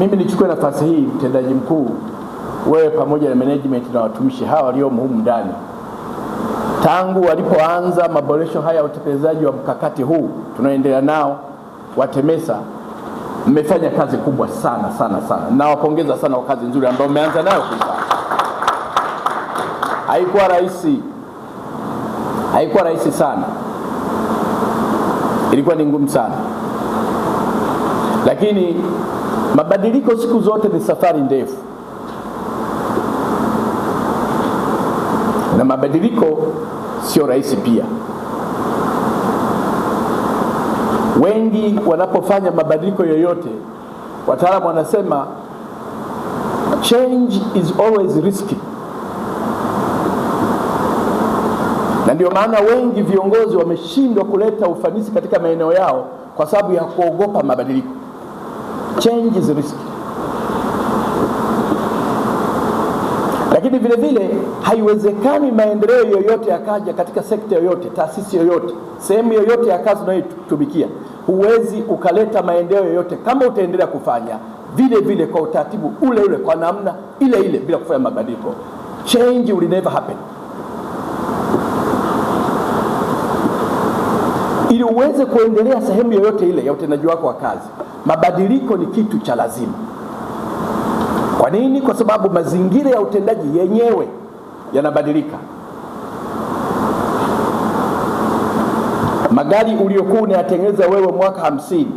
Mimi nichukue nafasi hii, mtendaji mkuu, wewe pamoja na management na watumishi hawa waliomo humu ndani, tangu walipoanza maboresho haya ya utekelezaji wa mkakati huu tunaoendelea nao wa TEMESA, mmefanya kazi kubwa sana sana sana. Nawapongeza sana kwa kazi nzuri ambayo mmeanza nayo. Haikuwa rahisi, haikuwa rahisi sana, ilikuwa ni ngumu sana, lakini Mabadiliko siku zote ni safari ndefu, na mabadiliko sio rahisi pia. Wengi wanapofanya mabadiliko yoyote, wataalamu wanasema change is always risky, na ndio maana wengi viongozi wameshindwa kuleta ufanisi katika maeneo yao kwa sababu ya kuogopa mabadiliko changes risk. Lakini vile vile haiwezekani maendeleo yoyote yakaja katika sekta yoyote, taasisi yoyote, sehemu yoyote ya kazi unayoitumikia, huwezi ukaleta maendeleo yoyote kama utaendelea kufanya vile vile kwa utaratibu ule ule kwa namna ile ile bila kufanya mabadiliko. Change will never happen. Ili uweze kuendelea sehemu yoyote ile ya utendaji wako wa kazi Mabadiliko ni kitu cha lazima. Kwa nini? Kwa sababu mazingira ya utendaji yenyewe yanabadilika. Magari uliokuwa unayatengeneza wewe mwaka hamsini,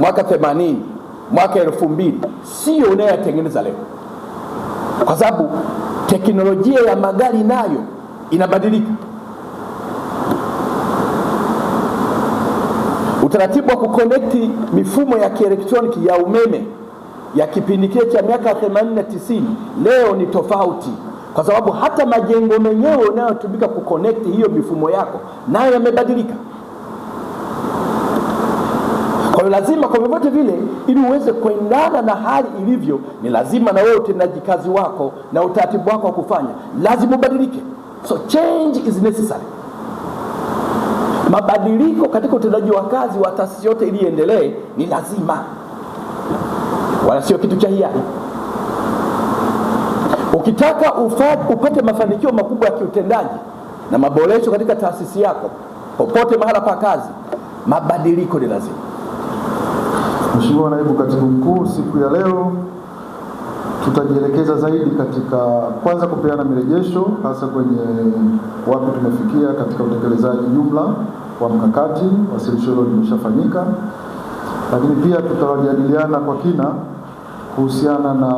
mwaka themanini, mwaka elfu mbili sio unayoyatengeneza leo, kwa sababu teknolojia ya magari nayo inabadilika. Utaratibu wa kukonekti mifumo ya kielektroniki ya umeme ya kipindi kile cha miaka 80 90 leo ni tofauti, kwa sababu hata majengo menyewe yanayotumika kukonekti hiyo mifumo yako nayo yamebadilika. Kwa hiyo lazima kwa vyovyote vile, ili uweze kuendana na hali ilivyo, ni lazima na wewe utendaji kazi wako na utaratibu wako wa kufanya lazima ubadilike, so change is necessary mabadiliko katika utendaji wa kazi wa taasisi yote ili iendelee ni lazima, wala sio kitu cha hiari. Ukitaka ufad, upate mafanikio makubwa ya kiutendaji na maboresho katika taasisi yako popote mahala pa kazi, mabadiliko ni lazima. Mheshimiwa Naibu Katibu Mkuu, siku ya leo tutajielekeza zaidi katika kwanza kupeana mirejesho hasa kwenye wapi tumefikia katika utekelezaji jumla wa mkakati, wasilisho hilo limeshafanyika, lakini pia tutajadiliana kwa kina kuhusiana na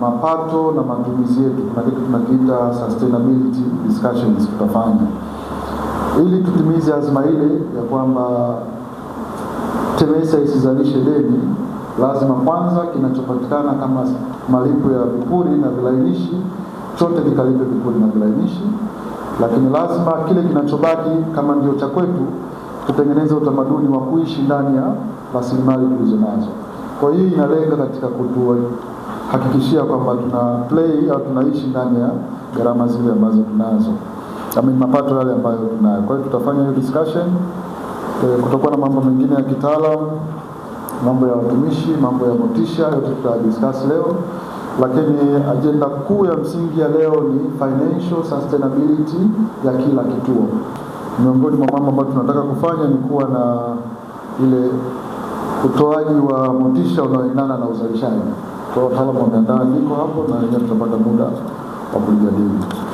mapato na matumizi yetu. Kuna kitu tunakiita sustainability discussions tutafanya ili tutimize azma ile ya kwamba TEMESA isizalishe deni. Lazima kwanza kinachopatikana kama malipo ya vipuri na vilainishi chote kikalipe vipuri na vilainishi lakini lazima kile kinachobaki kama ndio cha kwetu tutengeneze utamaduni wa kuishi ndani ya rasilimali tulizo nazo. Kwa hiyo inalenga katika kutuhakikishia kwamba tuna play au tunaishi ndani ya gharama zile ambazo tunazo, ni mapato yale ambayo tunayo. Kwa hiyo tutafanya hiyo discussion eh, kutokuwa na mambo mengine ya kitaalamu, mambo ya watumishi, mambo ya motisha, yote discuss leo. Lakini ajenda kuu ya msingi ya leo ni financial sustainability ya kila kituo. Miongoni mwa mambo ambayo tunataka kufanya ni kuwa na ile utoaji wa motisha unaoendana na uzalishaji. Kwa wataalamu wameandaa andiko hapo, na wenyewe tutapata muda wa kujadili